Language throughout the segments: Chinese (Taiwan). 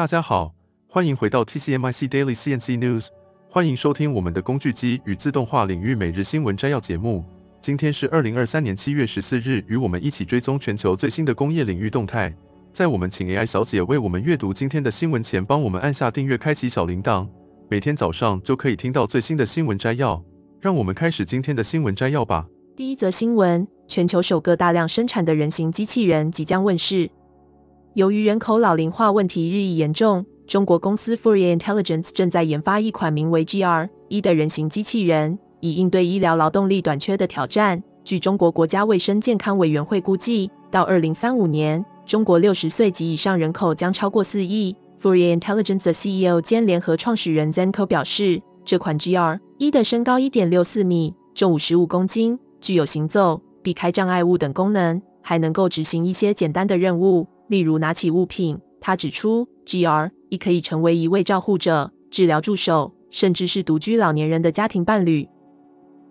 大家好，歡迎回到 TCMIC Daily CNC News，歡迎收聽我們的工具機與自動化領域每日新聞摘要節目。今天是二零二三年七月十四日，與我們一起追蹤全球最新的工業領域動態。在我們請 AI 小姐為我們閱讀今天的新聞前，幫我們按下訂閱，開啟小鈴鐺，每天早上就可以聽到最新的新聞摘要。讓我們開始今天的新聞摘要吧。第一則新聞，全球首個大量生產的人形機器人即將問世。由於人口老齡化問題日益嚴重，中國公司 Fourier Intelligence 正在研發一款名為 GR-1 的人形機器人，以應對醫療勞動力短缺的挑戰。據中國國家衛生健康委員會估計，到2035年，中國六十歲及以上人口將超過四億。Fourier Intelligence 的 CEO 兼聯合創始人 Zanko 表示，這款 GR-1 的身高1.64米，重55公斤，具有行走、避開障礙物等功能，還能夠執行一些簡單的任務。例如拿起物品，他指出，GR 一可以成為一位照護者、治療助手，甚至是獨居老年人的家庭伴侶。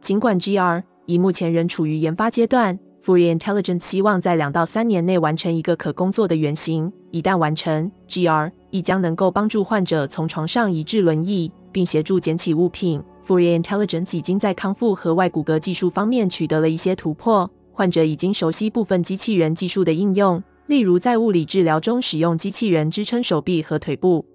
儘管 GR 一目前仍處於研發階段，Fourier Intelligence 希望在兩到三年內完成一個可工作的原型。一旦完成，GR 一將能夠幫助患者從床上移至輪椅，並協助撿起物品。Fourier Intelligence 已經在康復和外骨骼技術方面取得了一些突破，患者已經熟悉部分機器人技術的應用。例如，在物理治療中使用機器人支撐手臂和腿部。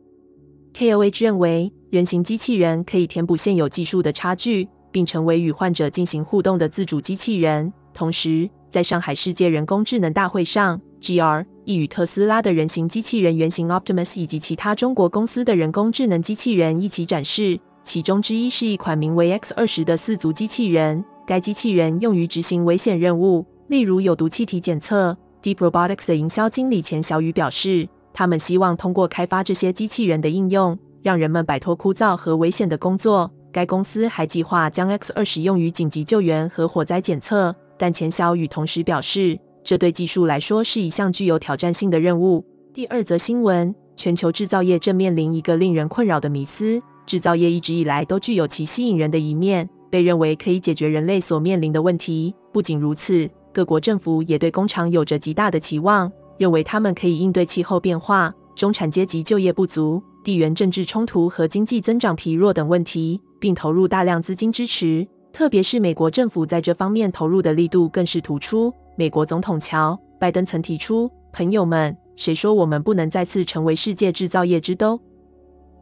Koh 認為，人形機器人可以填補現有技術的差距，並成為與患者進行互動的自主機器人。同時，在上海世界人工智能大會上，GR 亦與特斯拉的人形機器人原型 Optimus 以及其他中國公司的人工智能機器人一起展示，其中之一是一款名為 X20 的四足機器人。該機器人用於執行危險任務，例如有毒氣體檢測。Deep Robotics 的營銷經理錢小雨表示，他們希望通過開發這些機器人的應用，讓人們擺脫枯燥和危險的工作。該公司還計劃將 X 二使用於緊急救援和火災檢測，但錢小雨同時表示，這對技術來說是一項具有挑戰性的任務。第二則新聞：全球製造業正面臨一個令人困擾的迷思，製造業一直以來都具有其吸引人的一面，被認為可以解決人類所面臨的問題。不僅如此。各國政府也對工廠有着極大的期望，認為他們可以應對氣候變化、中產階級就業不足、地緣政治衝突和經濟增長疲弱等問題，並投入大量資金支持。特別是美國政府在這方面投入的力度更是突出。美國總統喬·拜登曾提出：“朋友們，誰說我們不能再次成為世界制造業之都？”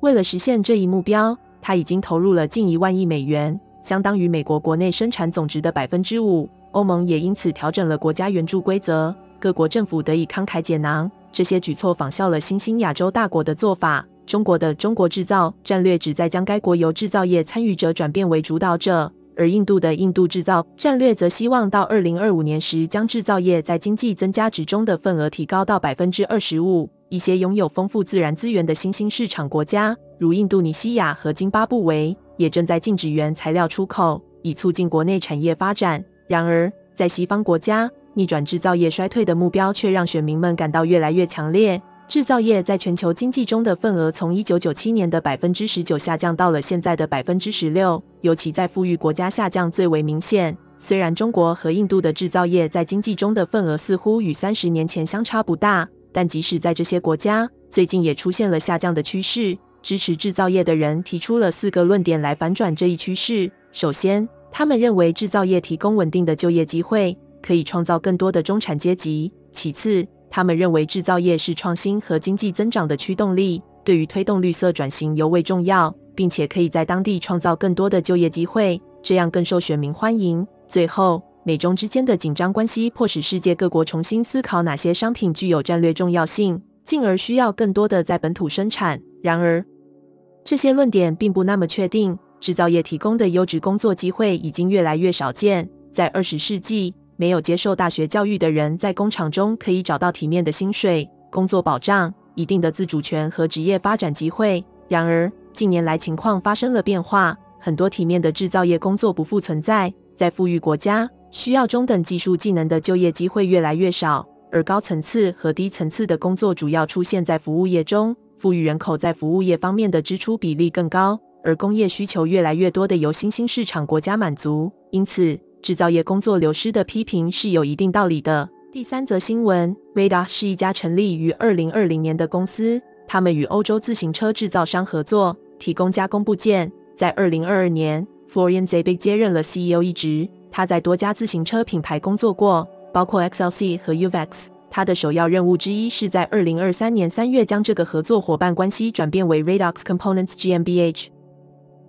為了實現這一目標，他已經投入了近一萬億美元，相當於美國國內生產總值的百分之五。歐盟也因此調整了國家援助規則，各國政府得以慷慨解囊。這些舉措仿效了新興亞洲大國的做法。中國的中國制造戰略旨在將該國由制造業參與者轉變為主導者，而印度的印度制造戰略則希望到2025年時將制造業在經濟增加值中的份額提高到百分之二十五。一些擁有豐富自然資源的新興市場國家，如印度尼西亞和津巴布韋，也正在禁止原材料出口，以促進國內產業發展。然而，在西方國家，逆轉製造業衰退的目標卻讓選民們感到越來越強烈。製造業在全球經濟中的份額從1997年的19%下降到了現在的16%，尤其在富裕國家下降最為明顯。雖然中國和印度的製造業在經濟中的份額似乎與30年前相差不大，但即使在這些國家，最近也出現了下降的趨勢。支持製造業的人提出了四個論點來反轉這一趨勢。首先，他們認為製造業提供穩定的就業機會，可以創造更多的中產階級。其次，他們認為製造業是創新和經濟增長的驅動力，對於推動綠色轉型尤為重要，並且可以在當地創造更多的就業機會，這樣更受選民歡迎。最後，美中之間的緊張關係迫使世界各國重新思考哪些商品具有戰略重要性，進而需要更多的在本土生產。然而，這些論點並不那麼確定。製造業提供的優質工作機會已經越來越少見。在二十世紀，沒有接受大學教育的人在工廠中可以找到體面的薪水、工作保障、一定的自主權和職業發展機會。然而，近年來情況發生了變化，很多體面的製造業工作不復存在。在富裕國家，需要中等技術技能的就業機會越來越少，而高層次和低層次的工作主要出現在服務業中。富裕人口在服務業方面的支出比例更高。而工業需求越來越多的由新興市場國家滿足，因此製造業工作流失的批評是有一定道理的。第三則新聞，Radoxx 是一家成立於二零二零年的公司，他們與歐洲自行車制造商合作，提供加工部件。在二零二二年，Florian Zebig 接任了 CEO 一職，他在多家自行車品牌工作過，包括 XLC 和 Uvex。他的首要任務之一是在二零二三年三月將這個合作夥伴關係轉變為 Radoxx Components GmbH。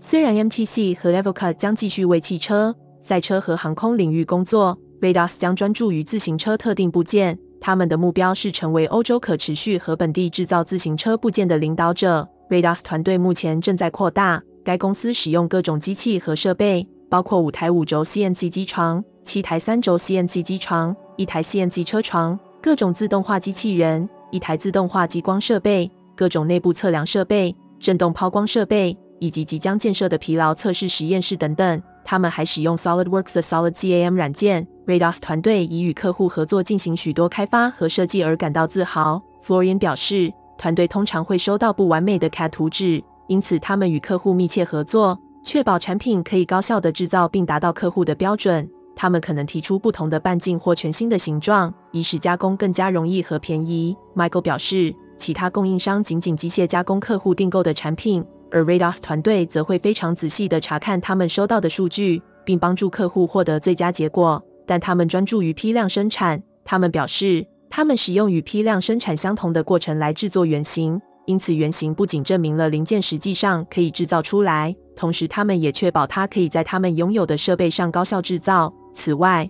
雖然 MTC 和 Evocut 將繼續為汽車、賽車和航空領域工作，Radoxx 將專注於自行車特定部件。他們的目標是成為歐洲可持續和本地制造自行車部件的領導者。Radoxx 團隊目前正在擴大，該公司使用各種機器和設備，包括五台五軸 CNC 機床、七台三軸 CNC 機床、一台 CNC 車床、各種自動化機器人、一台自動化激光設備、各種內部測量設備、振動拋光設備。以及即將建設的疲勞測試實驗室等等。他們還使用 SolidWorks 的 SolidCAM 軟件。Radoxx 團隊已與客戶合作進行許多開發和設計而感到自豪。Florian 表示，團隊通常會收到不完美的 CAD 圖紙，因此他們與客戶密切合作，確保產品可以高效地制造並達到客戶的標準。他們可能提出不同的半徑或全新的形狀，以使加工更加容易和便宜。Michael 表示，其他供應商僅僅機械加工客戶訂購的產品。而 Radoxx 團隊則會非常仔細地查看他們收到的數據，並幫助客戶獲得最佳結果。但他們專注於批量生產。他們表示，他們使用與批量生產相同的過程來制作原型，因此原型不僅證明了零件實際上可以制造出來，同時他們也確保它可以在他們擁有的設備上高效制造。此外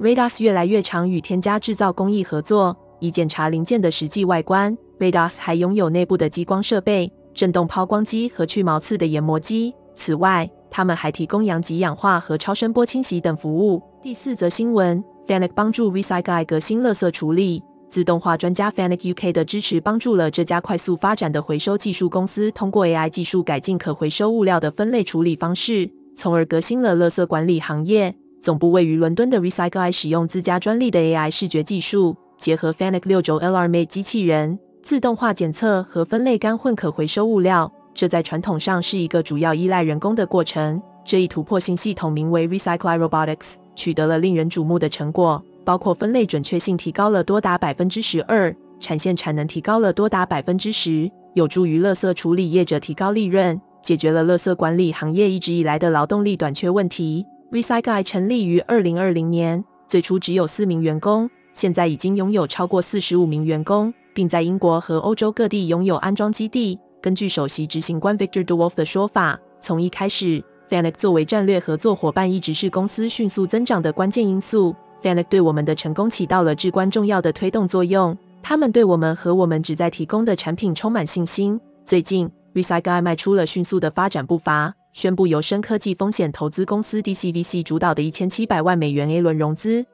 ，Radoxx 越來越常與添加制造工藝合作，以檢查零件的實際外觀。Radoxx 還擁有內部的激光設備。振動拋光機和去毛刺的研磨機。此外，他們還提供陽極氧化和超聲波清洗等服務。第四則新聞，FANUC 幫助 Recycleye 革新垃圾處理。自動化專家 FANUC UK 的支持幫助了這家快速發展的回收技術公司，通過 AI 技術改進可回收物料的分類處理方式，從而革新了垃圾管理行業。總部位於倫敦的 Recycleye 使用自家專利的 AI 視覺技術，結合 FANUC 六軸 LR Mate 機器人。自動化檢測和分類乾混可回收物料，這在傳統上是一個主要依賴人工的過程。這一突破性系統名為 Recycleye Robotics，取得了令人矚目的成果，包括分類準確性提高了多達百分之十二，產線產能提高了多達百分之十，有助於垃圾處理業者提高利潤，解決了垃圾管理行業一直以來的勞動力短缺問題。Recycleye 成立於二零二零年，最初只有四名員工，現在已經擁有超過四十五名員工。並在英國和歐洲各地擁有安裝基地。根據首席執行官 Victor Dewulf 的說法，從一開始，Fanuc 作為戰略合作夥伴一直是公司迅速增長的關鍵因素。Fanuc 對我們的成功起到了至關重要的推動作用。他們對我們和我們旨在提供的產品充滿信心。最近，Recycleye 邁出了迅速的發展步伐，宣布由深科技風險投資公司 DCVC 主導的一千七百萬美元 A 輪融資。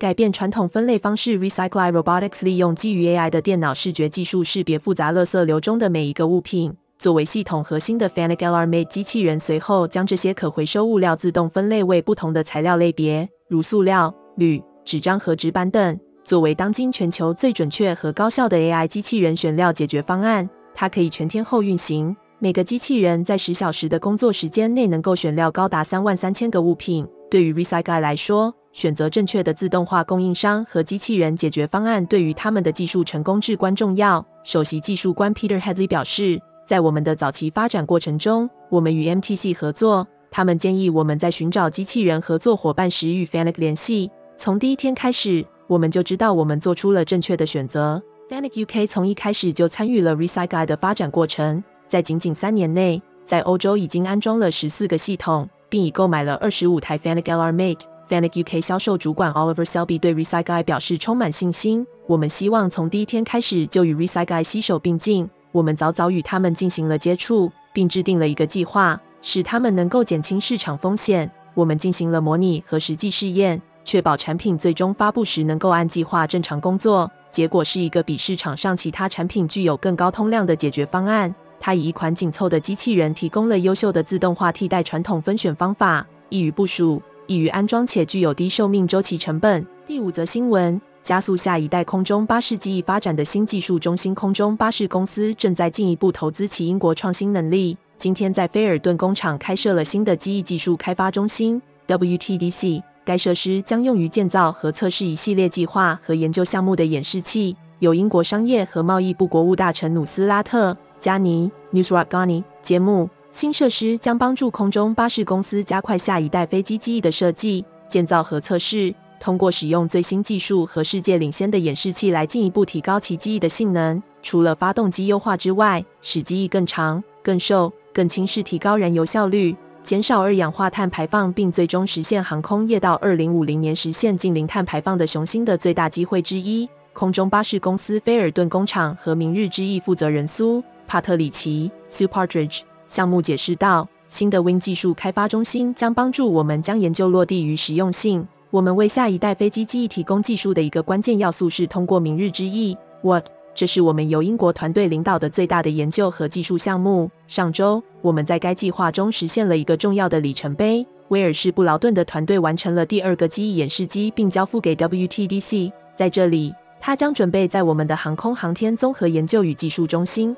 改變傳統分類方式，Recycleye Robotics 利用基於 AI 的電腦視覺技術，識別複雜垃圾流中的每一個物品。作為系統核心的 FANUC LR Mate 機器人，隨後將這些可回收物料自動分類為不同的材料類別，如塑料、鋁、紙張和紙板等。作為當今全球最準確和高效的 AI 機器人選料解決方案，它可以全天候運行。每個機器人在十小時的工作時間內，能夠選料高達三萬三千個物品。對於 Recycleye 來說，選擇正確的自動化供應商和機器人解決方案對於他們的技術成功至關重要。首席技術官 Peter Headley 表示：“在我們的早期發展過程中，我們與 MTC 合作，他們建議我們在尋找機器人合作夥伴時與 FANUC 聯繫。從第一天開始，我們就知道我們做出了正確的選擇。FANUC UK 從一開始就參與了 Recycleye 的發展過程，在僅僅三年內，在歐洲已經安裝了十四個系統。”並已購買了25台 Fanuc LR Mate。FANUC UK 銷售主管 Oliver Selby 對 Recycleye 表示充滿信心：“我們希望從第一天開始就與 Recycleye 攜手並進。我們早早與他們進行了接觸，並制定了一個計劃，使他們能夠減輕市場風險。我們進行了模擬和實際試驗，確保產品最終發布時能夠按計劃正常工作。結果是一個比市場上其他產品具有更高通量的解決方案。”它以一款緊湊的機器人提供了優秀的自動化替代傳統分選方法，易於部署、易於安裝且具有低壽命周期成本。第五則新聞：加速下一代空中巴士機翼發展的新技術中心。空中巴士公司正在進一步投資其英國創新能力。今天在菲爾頓工廠開設了新的機翼技術開發中心 （WTDC）。該設施將用於建造和測試一系列計劃和研究項目的演示器。有英國商業和貿易部國務大臣努斯拉特。加尼 News Rock 加尼節目，新設施將幫助空中巴士公司加快下一代飛機機翼的設計、建造和測試。通過使用最新技術和世界領先的演示器來進一步提高其機翼的性能。除了發動機優化之外，使機翼更長、更瘦、更輕是提高燃油效率、減少二氧化碳排放，並最終實現航空業到2050年實現近零碳排放的雄心的最大機會之一。空中巴士公司菲爾頓工廠和明日之翼負責人蘇。帕特里奇 Sue Partridge 項目解釋道：“新的 Wing 技術開發中心將幫助我們將研究落地於實用性。我們為下一代飛機機翼提供技術的一個關鍵要素是通過明日之翼 （What）。這是我們由英國團隊領導的最大的研究和技術項目。上週，我們在該計劃中實現了一個重要的里程碑。威爾士布勞頓的團隊完成了第二個機翼演示機，並交付給 WTDC。在這裡，他將準備在我們的航空航天綜合研究與技術中心。”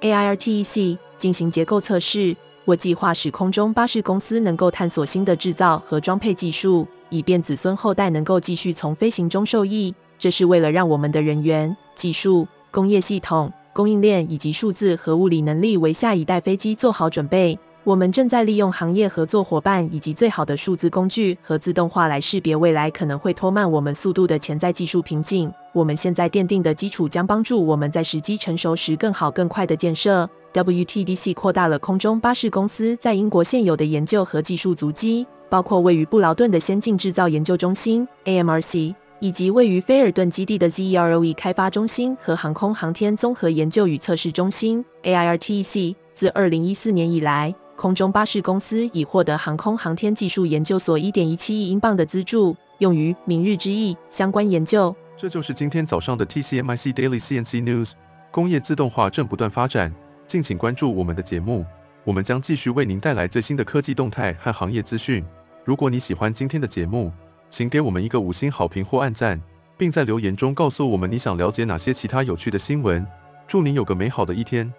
AIRTec 進行結構測試。我計劃使空中巴士公司能夠探索新的制造和裝配技術，以便子孫後代能夠繼續從飛行中受益。這是為了讓我們的人員、技術、工業系統、供應鏈以及數字和物理能力為下一代飛機做好準備。我們正在利用行業合作夥伴以及最好的數字工具和自動化來識別未來可能會拖慢我們速度的潛在技術瓶頸。我們現在奠定的基礎將幫助我們在時機成熟時更好、更快的建設。WTDC 擴大了空中巴士公司在英國現有的研究和技術足跡，包括位於布勞頓的先進制造研究中心 AMRC，以及位於菲爾頓基地的 ZEROE 開發中心和航空航天綜合研究與測試中心 AIRTEC。ARTC, 自2014年以來，空中巴士公司已獲得航空航天技術研究所一點一七億英鎊的資助，用於明日之翼相關研究。這就是今天早上的 TCMIC Daily CNC News。工業自動化正不斷發展，敬請關注我們的節目，我們將繼續為您帶來最新的科技動態和行業資訊。如果你喜歡今天的節目，請給我們一個五星好評或按讚，並在留言中告訴我們你想了解哪些其他有趣的新聞。祝您有個美好的一天！